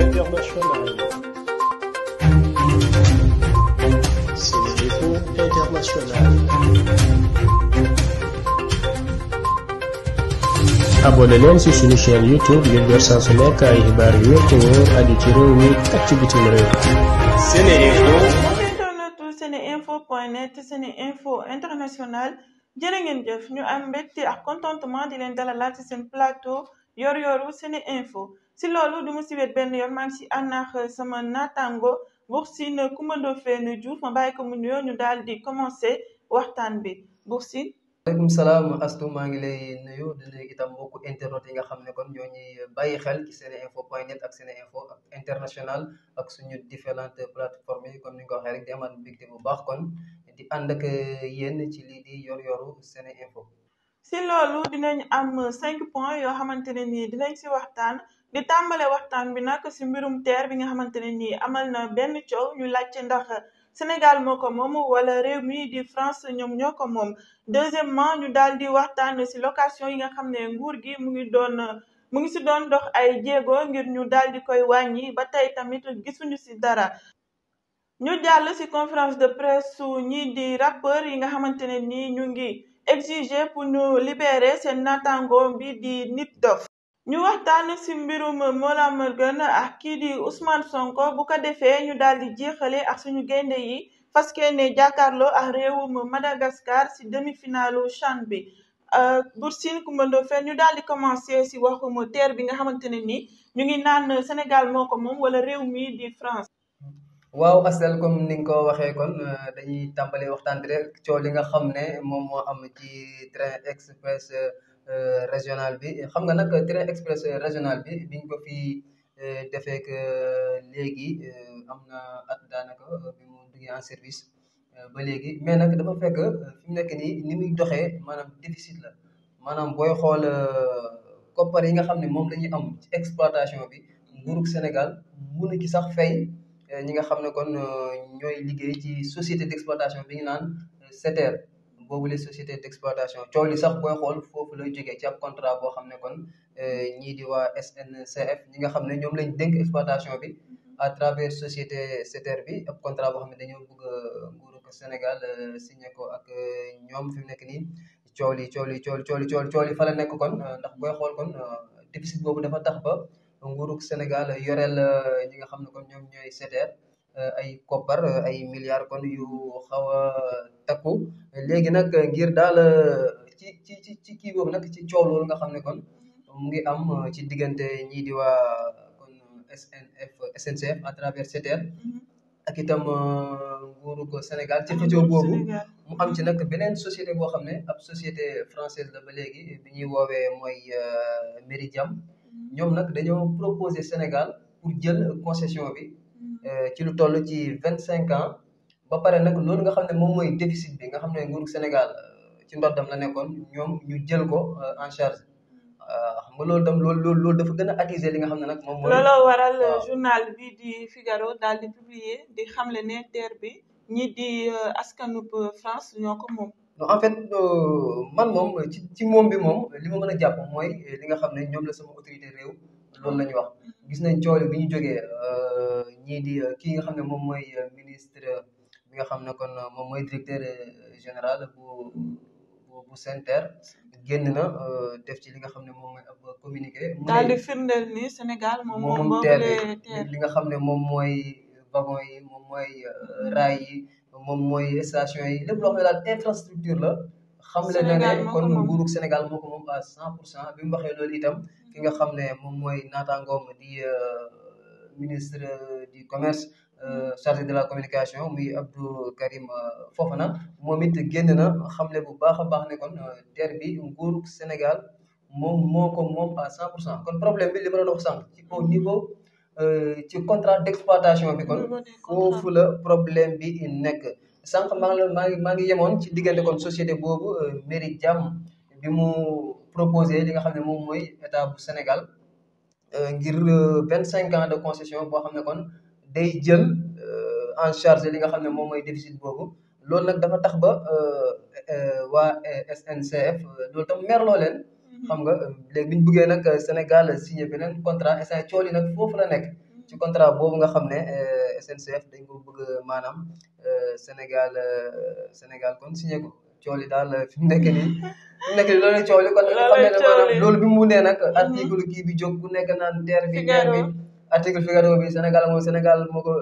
internationale. C'est l'info internationale. abonné leen ci suñu chaîne YouTube ngir jot saa su nekk ay xibaar yu wér te wóor aju ci réew mi ak ci bitim réew. Seneinfo.net Seneinfo International jërë ngeen jëf ñu am mbégte ak contentement di leen dalalaat ci seen plateau yor-yoru Seneinfo. si loolu du mu si wet benn yoon maa ngi si ànaax euh, sama naataango Buur Sine Coumba Ndoffène Diouf ma bàyyi ko mu nuyoo ñu daal di commencé waxtaan bi Buur Sine aleykum salaam astu maa ngi lay nuyu di nuyu itam mbokku yi nga xam ne kon ñoo ñuy bàyyi xel ci sene info point ak sene ak international ak suñu différentes plateformes yi comme ni nga ko waxee rek di bu baax kon di ànd ak euh, yéen ci lii di yor yoru sene info si loolu dinañ am cinq points yoo xamante ne nii dinañ si waxtaan di tàmbale waxtaan bi nag si mbirum TER bi nga xamante ne nii amal na benn coow ñu laajte ndax Sénégal moo ko moom wala réew mi di France ñoom ñoo ko moom deuxièmement ñu daal di waxtaan si location yi nga xam ne nguur gi mu ngi doon mu ngi si doon ndox ay jéego ngir ñu daal di koy wàññi ba tey tamit gisuñu si dara ñu jàll si conférence de presse su ñii di rappeur yi nga xamante ne nii ñu ngi exiger pour ñu libérer seen naataango bi di nit dof ñu waxtaan si mbirum Mollah Morgun ak kii di Ousmane Sonko bu ko defee ñu daal di jeexale ak suñu gaynde yi fas yéene jàkkaarloo ak réewum Madagascar si demi-finalu CHAN bi euh, Bour Sine Coumba Ndoffène ñu daal di commencé si waxum terre bi nga xamante ne ni ñu ngi naan Sénégal ko moom wala réew mi di France. waaw asel comme ni nga ko waxee kon euh, dañuy tàmbali waxtaan rek coow li nga xam ne moom moo am ci train express. Euh, Euh, régional bi xam nga nag train express régional bi biñ ko fi euh, defee que euh, léegi am na at daanaka bi mu duggee en service ba léegi mais nag dafa fekk fi mu nekk ni muy doxee maanaam déficit la maanaam booy xool koppar yi nga xam ne moom la ñuy am ci exploitation bi nguurug Sénégal mën a sax fay ñi nga xam ne kon ñooy liggéey ci société d'exploitation bi ñu naan SETER boobu le sociétés d'exploitation coow li sax booy xool foofu lay jógee ci ab contrat boo xam ne kon eh, ñii di waa SNCF ñi nga xam ne ñoom lañ dénk exploitation bi à travers société SETER bi ab contrat boo xam ne dañoo bëgg eh, nguuru Sénégal eh, signé ko ak ñoom fi mu nekk nii coow li coow li coow li coow li fa la nekk kon ndax booy xool kon déficit boobu dafa tax ba nguuru Sénégal yoreel ñi nga xam ne kon ñoom ñooy SETER Eh, ay koppar eh, ay milliards kon yu xaw a takku léegi nag ngir daal eh, ci ci ci ci kii boobu nag ci coow loolu nga xam ne kon mu ngi am ci diggante ñii di waa kon SNF SNCF à travers SETER mhm. ak itam nguuru Sénégal ci xëccoo boobu mu am ci nag beneen société boo xam ne ab société française la ba léegi bi ñuy woowee mooy Méridiam mhm. ñoom nag dañoo proposé Sénégal pour jël concession bi Euh, ci lu toll ci vingt cinq ans ba pare nag loolu nga xam ne moom mooy déficit bi nga xam ne nguuru Sénégal euh, ci ndoddam la nekkoon ñoom ñu jël ko euh, en charge xam loolu tam loolu loolu dafa gën a attiser li nga xam ne nag moom mooy looloo waral journal bi di Figaro daal di publier di xamle ne terre bi ñi di askanub France ñoo ko moom en fait man moom ci ci moom bi moom li ma mën a jàpp mooy li nga xam ne ñoom la sama autorité réew loolu la wax gis nañ coole bi jogee jógee euh, ñii di euh, kii nga xam ne moom mooy euh, ministre bi nga xam ne kon moom mooy directeur général bu bu SENTER génn na def ci li nga xam ne moom mooy ab communiqué. daal di firndeel ni Sénégal moom moom teer li nga xam ne moom mooy wagon yi moom mooy raay yi moom mooy station yi lépp loo xam infrastructure la. xamle na ne kon nguurug Sénégal moo ko moom à cent pour cent itam ki nga xam ne moom mooy naataangoom di euh, ministre euh, du commerce euh, chargé de la communication muy Abdou Karim Fofana moom it génn na ne bu baax a baax ne kon ter bi nguurug Sénégal moom moo ko moom a cent pour cent kon problème bi li ma doon wax sànq ci au niveau ci contrat d'exploitation bi kon foofu problème bi nekk sànq maa maa ngi maa ngi yemoon ci diggante kon société boobu euh, mairie jàmm bi mu proposé li nga xam ne moom mooy état bu Sénégal euh, ngir euh, vingt cinq ans de concession boo xam ne kon day jël en charge li nga xam ne moom mooy déficit boobu loolu nag dafa tax ba waa SNCF loolu tam merloo leen. Mm-hmm. xam nga léegi bi ñu buggee nag Sénégal signé beneen contrat SN cool yi nag foofu la nekk. ci contrat boobu nga xam ne euh, SNCF dañ ko bëgg maanaam euh, Sénégal euh, Sénégal kon signé ko coow daal fi mu nekk nii fi mu nekk loolu coow li kon nga xam loolu bi mu nee nag mhm. article kii bi jóg bu nekk naan teer bi teer bi article Figaro bi Sénégal moom Sénégal moo ko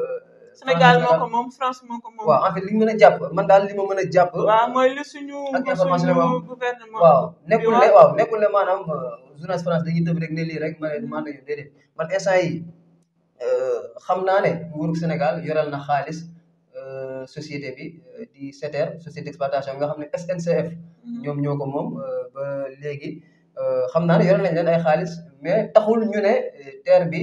Sénégal moo ko moom France moo ko moom. waaw en fait li ñu mën a jàpp man daal li ma mën a jàpp. waaw mooy li suñu suñu gouvernement. waaw nekkul ne waaw nekkul France dañuy tëb rek ne lii rek ma ne Euh, xam naa ne nguurug Sénégal yoral na xaalis euh, société bi euh, di SETER société d'exploitation bi nga xam ne SNCF. Mm-hmm. ñoom ñoo ko moom ba léegi xam naa ne yoral nañ leen ay xaalis mais taxul ñu ne bi.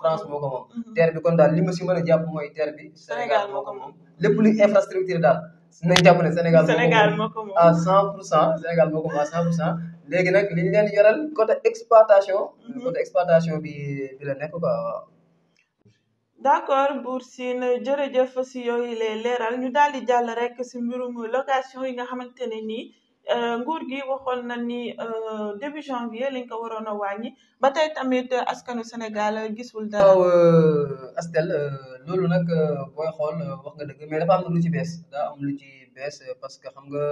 France moo ko moom. Mm-hmm. TER kon daal li ma si mën a jàpp mooy TER bi. Sénégal moo ko moom infrastructure daal. dañu jàpp Sénégal Sénégal moo ko moom à 100 pour cent Sénégal moo ko moom à pour cent léegi nag li ñu leen di côté exploitation. Mhm. côté exploitation bi bi la nekk quoi waaw. d' accord jërëjëf si yooyu lay leeral ñu daal di jàll rek si mbirum location yi nga xamante ne nii. Euh, nguur gi waxoon na ni euh, début janvier lañ ko waroon a wàññi ba tey tamit askanu Sénégal gisul dara. waaw euh, loolu nag euh, booy xool euh, wax nga dëgg mais dafa am lu ci bees daa am lu ci bees euh, parce que xam nga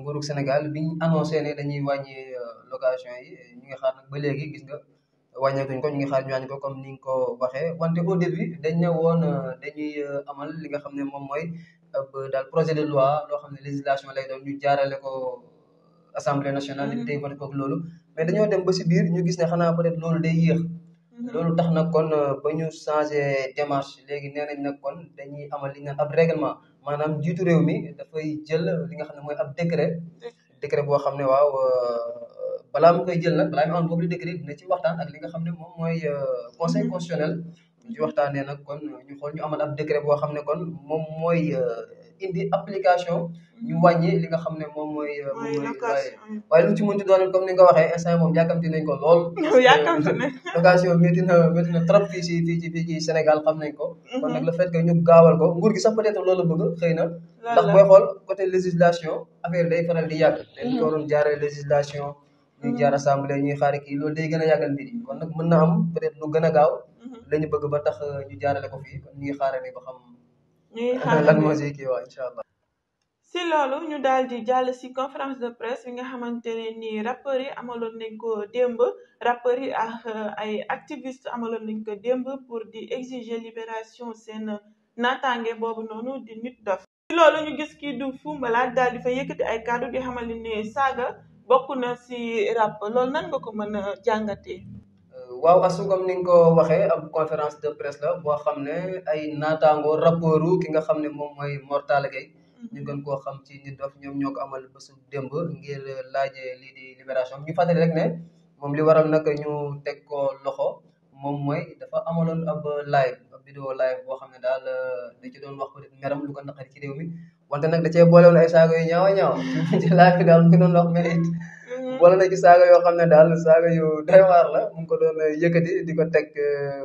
nguurug Sénégal biñ annoncé ne dañuy wàññi location yi ñu ngi xaar nag ba léegi gis nga wàññeekuñ ko ñu ngi xaar ñu wàññi ko comme ni nga ko waxee wante au début dañ ne woon dañuy amal li nga xam ne moom mooy daal projet de loi loo xam ne législation lay doon ñu jaarale ko assemblée nationale. Mm-hmm. tey voté ko loolu. mais dañoo dem ba si biir ñu gis ne xanaa peut-être loolu day yéex. loolu tax nag kon euh, ba ñu changé démarche léegi nee nañ nag kon dañuy amal li ñu ab réglement maanaam njiitu réew mi dafay jël li nga xam ne mooy ab décret décret boo xam ne waaw euh, balaa mu koy jël nag balaa mu am boobu décret na ci waxtaan ak li nga xam ne moom mooy euh, conseil mhm. constitutionnel ñu ci waxtaanee nag kon ñu xool ñu amal ab décret boo xam ne kon moom mooy indi application ñu mm-hmm. wàññi li nga xam ne moom mooy moom euh, mooy mm-hmm. waaye lu ci mënti doon comme ni nga waxee instant moom yàkkamti nañ ko lool yàkkamti nañ euh, na métti na trop fii ci fii ci fii ko mm-hmm. kon nag le fait que ñu gaawal ko nguur gi sax peut être lool la bëgg xëy na ndax booy xool côté législation affaire day faral di yàgg dañ ko waroon jaaree législation ñuy jaar assemblée ñuy xaari kii loolu day gën a yàggal mbir kon nag mën na am peut être lu gën a gaaw lañu bëgg ba tax euh, ñu jaarale ko fii kon ñu ngi xaarale ba xam ñuy xaar lan moo siy allah. si loolu ñu daal di jàll si conférence de presse bi nga xamante ne nii rappeurs yi amaloon nañ ko démb rappeurs yi ak euh, ay activistes amaloon nañ ko démb pour di exiger libération seen naataange boobu noonu di nit daf si loolu ñu gis kii du fumbalaat daal di fa yëkkati ay kàddu di xamal ne saaga bokk na si rap loolu nan nga ko mën a jàngatee. waaw asu comme ni nga ko waxee ab conférence de presse la boo xam ne ay naataango rapportu ki nga xam ne moom mooy mortal Talla Gueye mm-hmm. ñu gën koo xam ci nit dof ñoom ñoo ko amal bésu démb ngir laaje lii di libération ñu fàttali rek ne moom li waral nag ñu teg ko loxo moom mooy dafa amaloon ab live ab vidéo live boo xam ne daal euh, da ci doon wax peut être meram lu ko naqari ci réew mi wante nag da cee boolewoon ay saago yu ñaaw a ñaaw bi daal mu ngi doon wax wala na ci yoo xam ne daal saaga yu doy la mu ngi ko doon euh, yëkkati di ko teg euh,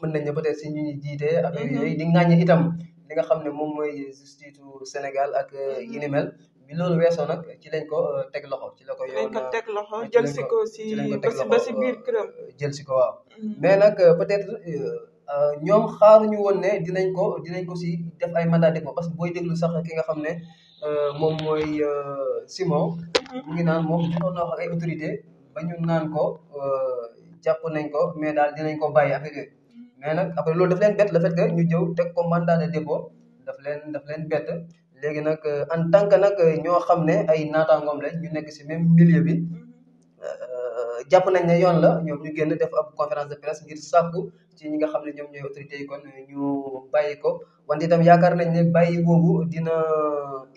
mën nañ ne peut être si ñu ñuy jiite affaire mm-hmm. yooyu di ŋàññi itam li nga xam ne moom mooy justice Sénégal ak euh, mm-hmm. yi ni mel bi loolu weesoo ci lañ ko teg loxo ci la ko yoon teg loxo jël si ko si ba si biir këram jël si ko waaw mm-hmm. mais nag peut être ñoom xaaruñu woon ne dinañ ko dinañ ko si def ay mandat de dépôt parce que booy déglu sax ki nga xam ne Euh, moom mooy euh, Simon mhm. mu ngi naan moom jotoon na wax ay autorité ba ñu naan ko euh, jàpp nañ ko mais daal dinañ ko bàyyi affaire yooyu mhm. mais nag après loolu daf leen bett la fait que ñu jëw teg ko mandat de dépôt daf leen daf leen bett léegi nag en tant que nag ñoo xam ne ay naataangoom lañ ñu nekk si même milieu bi mhm. jàpp nañ ne yoon la ñoom ñu génn def ab conférence de presse ngir sàkku ci ñi nga xam ne ñoom ñooy autorité yi kon ñu bàyyi ko wante itam yaakaar nañ ne bàyyi boobu dina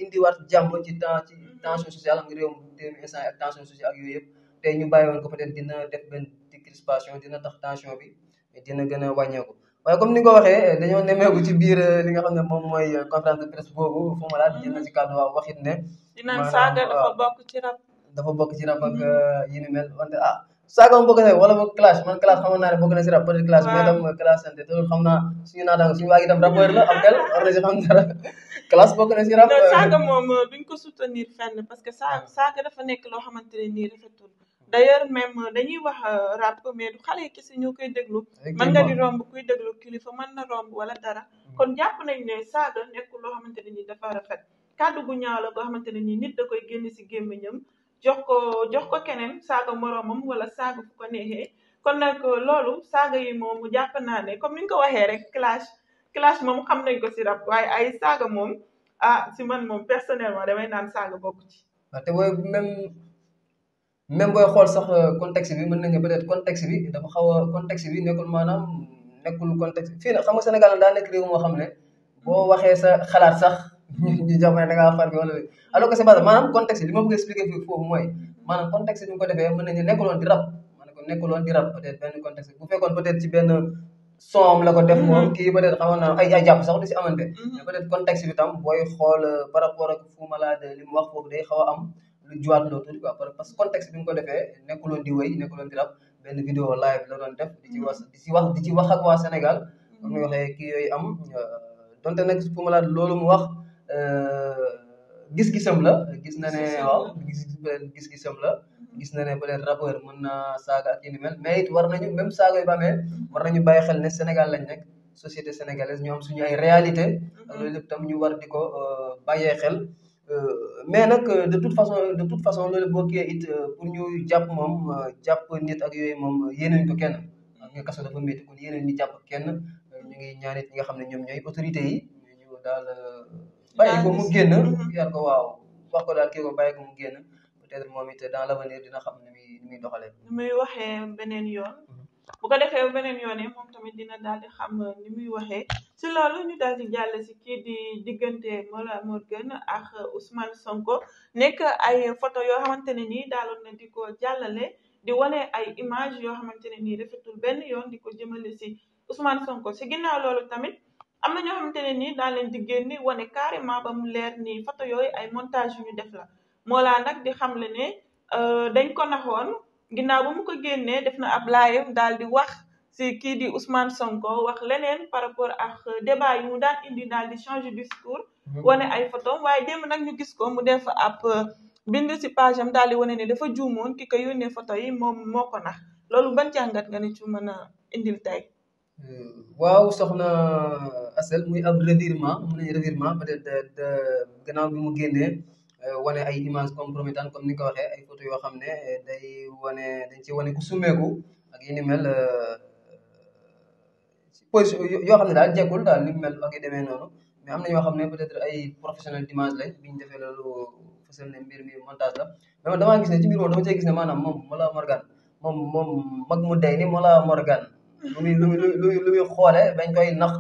indiwaat jàmm ci temps ci tension sociale am réew mi deux mille instant tension sociale yooyu yëpp tey ñu bàyyi woon ko peut-être dina def benn décrispation dina tax tension bi dina gën a wàññeeku. waaye comme ni nga ko waxee dañoo nemmeeku ci biir eh, li nga xam ne moom mooy conférence de presse boobu fu mu laal jël ci kàddu waaw waxit ne. maanaam dafa bokk ci rab ak hmm. euh, yi ni mel wante ah saaga moom bokk na wala boog classe man classe xamoon naa ne bokk si rab peut si xam dara si rab. Euh, saaga moom euh, duñ ko soutenir fenn parce que saa hmm. saaga dafa nekk loo xamante ne nii rafetul d'ailleurs même dañuy wax rap mais du xale yi kese ñoo koy déglu mën nga di romb kilifa mën na romb wala dara hmm. kon jàpp nañ ne saaga nekkul loo xamante ne nii dafa rafet kàddu gu ñaaw la boo xamante ne nii nit da koy génn si gémmiñam jox ko jox ko keneen saaga moroomam wala saaga fu ko neexee kon nag euh, loolu saaga yi moom jàpp naa ne comme ni nga ko waxee rek clash clash moom xam nañ ko si rab waaye ay saaga moom ah si man moom personnellement damay naan saaga bokk ci. waaw te booy même xool sax euh, contexte bi mën nañu peut-être contexte bi dafa xaw a contexte bi nekkul na nekkul contexte fii nag xam nga Sénégal daa nekk réew xam ne boo waxee sa xalaat sax. ñu jàpp ne da ngaa far bi wala alors que c'est foofu mooy maanaam contexte bi mu ko defee mën nañu nekkuloon di rab maanaam nekkuloon di rab peut-être benn contexte bu fekkoon peut-être ci benn par rapport ak Fou mu wax foofu ko defee nekkuloon di mm-hmm. eh, wéy nekkuloon di rab benn vidéo live la doon def di mm-hmm. wax di ci wax Sénégal comme ni waxee kii am donte nag Fou Malade loolu mu wax Euh, gis-gisam la gis na ne waaw gis-gisam la gis na ne peut-être rappeur mën na saaga ak mais it war nañu même saaga yu ba amee war nañu bàyyi xel ne Sénégal lañ nekk société sénégalaise ñu am suñu ay réalité mm-hmm. loolu lépp tam ñu war di ko euh, bàyyee xel euh, mais nag de toute façon de toute façon loolu bokkee it pour ñu jàpp moom jàpp nit ak yooyu moom yéeneen ko kenn ak nga kaso dafa métti kon yéeneen ñu jàpp kenn ñu ngi ñaanit ñi nga xam ne ñoom ñooy autorité yi ñu bàyyi ko mu génn yar ko waaw wax ko daal kii ko bàyyi peut-être moom it dans l'avenir dina xam ne muy ni muy doxalee ni muy waxee beneen yoon mm-hmm. bu ko defee beneen yoone tamit dina daal di xam ni muy waxee si loolu ñu daal di jàll si kii di diggante Mollah Morgun ak Ousmane Sonko nekk ay photo yoo xamante ne nii daaloon na di ko jàllale di wane ay image yoo xamante ne nii rafetul benn yoon di ko jëmale si Ousmane Sonko si ginnaaw loolu tamit am na ñoo xamante ne nii daan leen di génne wane carrément ba mu leer nii photo yooyu ay montage yu ñu def la Mollah nag di xam le ne euh, dañ ko naxoon ginnaaw ba mu ko génnee def na ab laayam daal di wax si kii di Ousmane Sonko wax leneen par rapport ak euh, débat yi mu daal indi daal di changer discours mm-hmm. wane ay photo waaye démb nag ñu gis ko mu def ab euh, bind si page am daal di wane ne dafa juumoon ki ko yónnee photo yi moom moo ko nax loolu ban jàngat ga ne ci mën a indil tey waaw soxna Asel muy ab revirement mun nañu revirement peut-être gannaaw bi mu génnee euh, wane ay images compromettantes comme ni nga ko waxee ay photos yoo xam ne euh, day wane dañ ci wane ku summeeku ak yi ni mel euh, position yoo xam ne daal jekkul daal ni mel ak yi demee noonu mais am na ñoo xam ne peut-être ay professionnel d'image lañ bi ñu defee loolu fësal ne mbir mi montage la mais man damaa gis ne ci biir moom dama cee gis ne maanaam moom Mollah Morgan moom moom mag mu day ni Mollah Morgan lu muy lu muy lu muy xoole bañ koy nax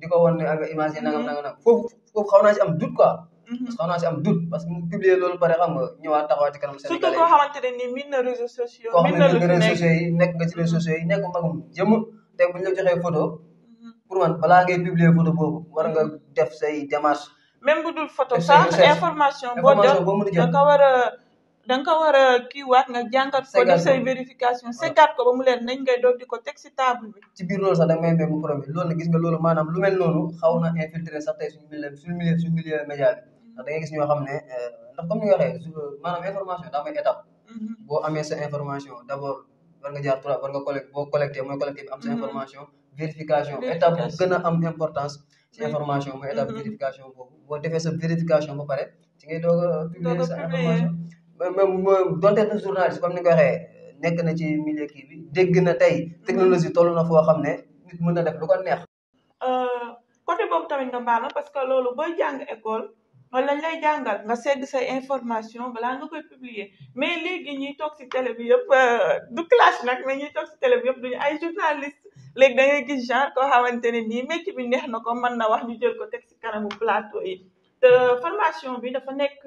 di ko wan ne nga ah, image yi nangam mm-hmm. nangam foofu xaw naa si am doute mm-hmm. parce que xaw naa si am doute parce que mu loolu pare xam nga ñëwaat taxawaat ci kanam Sénégalais surtout nga ci réseaux sociaux nekk magum jëm te bu ñu la joxee photo. Mm-hmm. pour man balaa ngay publier photo boobu war nga def say démarche. même bu dul photo sax information boo jot nga war a. da nga ko war a kiiwaat nga jàngat ko def say vérification seggaat ko ba mu leen ngay doog ko teg si table bi ci biir loolu sax da nga may loolu nag gis nga loolu maanaam lu mel noonu xaw na infiltré sax tey suñu milieu suñu milieu mm-hmm. euh, mm-hmm. sa information d' abord war nga jaar trois war nga collecté boo collecté mooy collecté mm-hmm. a am importance ci information mooy étape vérification boobu boo defee sa vérification ba pare ci ngay doog a information donte du journaliste comme ni nga ko waxee nekk na ci milieu kii bi dégg na tey technologie toll na foo xam ne nit mën na def lu ko neex. Euh, côté boobu tamit nga baal na parce que loolu booy jàng école loolu lañ lay jàngal nga segg say information balaa nga koy publier mais léegi ñuy toog si télé bi yëpp euh, du clash nag mais ñuy toog si télé bi yëpp duñu ay journaliste léegi da ngay gis genre koo xamante ne nii métier bi neex na ko mën na wax ñu jël ko teg si kanamu plateau yi te formation bi dafa nekk.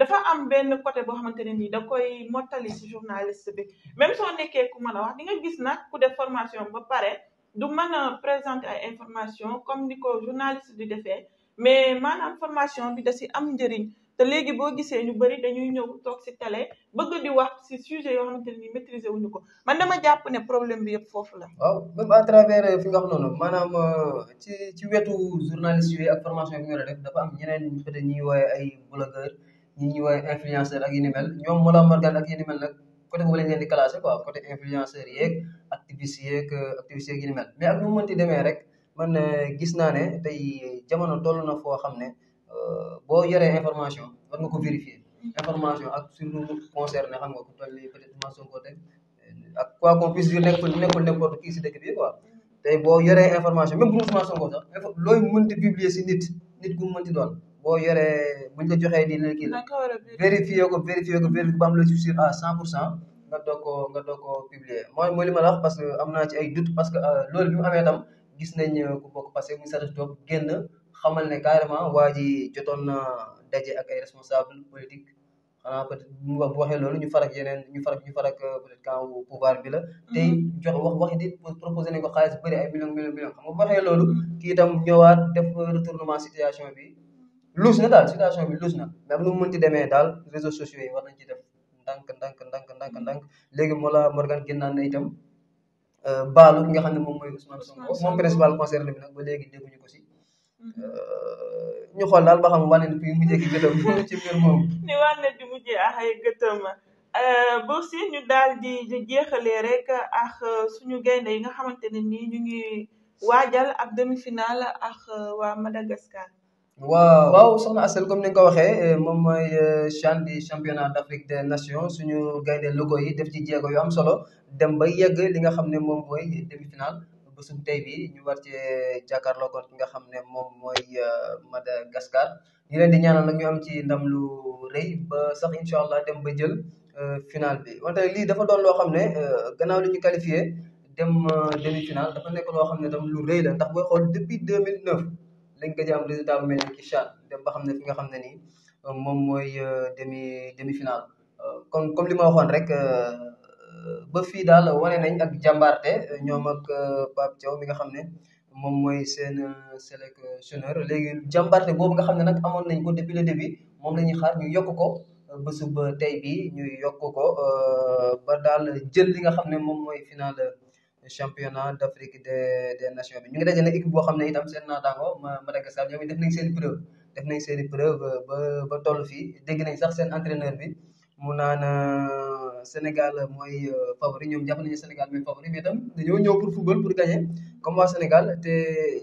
dafa am benn côté boo xamante ne nii da koy mottali si journaliste bi même soo nekkee ku mën a wax di nga gis nag ku def formation ba pare du mën a présenter ay information comme ni ko journaliste di defee mais maanaam formation bi da si am njëriñ te léegi boo gisee ñu bëri dañuy ñëw toog si ba gën di wax si sujet yoo xamante ni maîtriser wuñu ko man dama jàpp ne problème bi yëpp foofu la. waaw même à travers euh, nga wax noonu maanaam euh, ci ci wetu journaliste yooyu ak formation yi ñu war a ñi ñuy woowee influenceur ak yu ni mel ñoom Mollah Morgan ak yu ni mel nag côté boobu lañ leen di classé quoi côté influenceur yeeg activiste yeeg euh, activiste yeeg yu ni mel mais ak nu demee rek man euh, gis naa ne tey jamono toll na foo xam ne euh, boo yoree information war nga ko vérifier information ak sur lu concerné xam nga ku toll nii peut être ma Sonko si dëkk bi quoi tey boo yoree information même bu ma Sonko sax looy mënti publier si nit nit ku mu doon. boo yoree buñ la joxee nii la kii la vérifié ko vérifié ko vérifié ba am la ci pour cent nga doog koo nga doog publier mooy mooy li ma la parce que am naa ci ay doute parce que euh, loolu bi mu amee tam gis nañ euh, ku bokk parce que muy sax toog génn xamal ne carrément waa ji jotoon na daje ak ay responsable politique xanaa peut être bu waxee loolu ñu farak yeneen ñu farak ñu farak euh, peut être camp pouvoir bi la. Mm-hmm. tey jox wax wax di proposé nañ ko xaalis bëri ay millions millions millions xam nga bu waxee loolu. Mm-hmm. kii itam def retournement situation bi. luus na daal situation bi luus na même nu mu mënti demee daal réseaux sociaux yi war nañ ci def ndànk ndànk ndànk ndànk ndànk léegi Mollah Morgan génnaan na itam euh, baalu nga xam ne moom mooy Ousmane Sonko moom principal concerné bi nag ko si. Mm-hmm. Euh, ñu xool daal ba xam wane na fi mujjee ki gëtëm ci mbir moom. ni wane di mujjee ak ay gëtëm euh, boo si ñu daal di jeexalee rek ak suñu gaynde yi nga xamante ne nii ñu ngi waajal ab demi-finale ak waa Madagascar. waaw waaw soxna comme ni nga ko waxee eh, moom mooy eh, CHAN di championnat d' Afrique des nations suñu gaynde logo yi def ci jéego yu am solo dem ba yegg li nga xam ne moom mooy demi-finale tey bi ñu war cee jàkkaarloo kon ki nga xam ne moom mooy eh, Madagascar ñu leen di ñaanal nag ñu am ci ndam lu rëy ba sax incha allah dem ba jël final bi wante lii dafa doon loo xam ne ganaaw li ñu qualifié dem demi-finale dafa nekk loo xam ne tam lu rëy la ndax booy xool depuis 2009. lañ gëj a am résultat bu mel ni ki chat dem ba xam ne fi nga xam ne nii euh, moom mooy euh, demi demi final kon euh, comme li ma rek ba fii daal wane nañ ak jàmbaarte ñoom ak Pape Thiaw mi nga xam ne moom mooy seen sélectionneur léegi jàmbaarte boobu nga xam ne nag amoon nañ ko depuis le début moom la ñuy xaar ñu yokk ko bésub tey bi ñu yokk ko ba daal jël li nga xam ne moom mooy final championnat d' Afrique des des nations bi ñu ngi daje nag équipe boo xam ne itam seen naataango Madagascar ñoom def nañ seen i preuve def nañ seen i preuve euh, ba ba toll fii dégg sax seen entraîneur bi mu naan euh, Sénégal mooy euh, favori ñoom jàpp nañu Sénégal mooy favori mais itam dañoo ñëw pour football pour gagner comme waa Sénégal te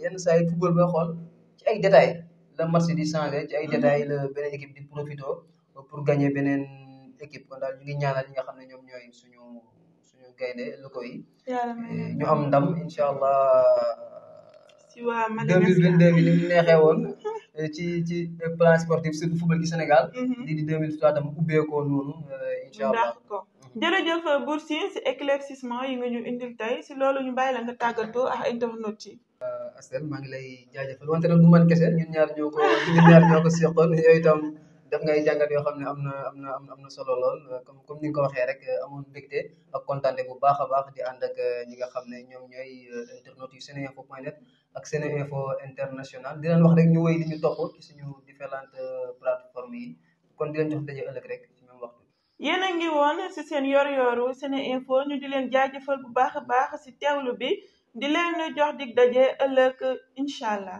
yenn saa yi xool ay détails la match di changé ci ay mm-hmm. détails la beneen équipe di profito pour gagner beneen équipe kon daal ñu ngi ñaanal ñi nga xam ne ñoom ñooy suñu. gaynde lu koy eh, ñu am ndam incha allah si waa Madagaskar deux mille vingt deux bi ni woon eh, ci ci plan sportif surtout football ci Sénégal mhm. lii deux mille trois tam ubbeekoo noonu eh, incha allah mhm. jërëjëf Bour Sine si éclaircissement yi nga ñu indil tey si loolu ñu bàyyi la nga tàggatoo ak internet yi euh, Asel maa ngi lay jaajëfal wante nag du man kese ñun ñaar ñoo ko ñun ñaar ñoo ko seqoon yooyu tam def ngay jàngat yoo xam ne am na am na am na solo lool comme comme ni nga ko waxee rek amoon mbégte ak kontaante bu baax a baax di ànd ak euh, ñi nga xam ne ñoom ñooy euh, internautes yu seneinfo point net ak seneinfo international di leen wax rek ñu wéy di ñu topp ci suñu différentes euh, plateformes yi kon di leen jox daje ëllëg rek ci même waxtu yéen a ngi woon si seen yor-yoru seneinfo ñu di leen jaajëfal bu baax a baax si teewlu bi di leen jox dig daje ëllëg incha allah.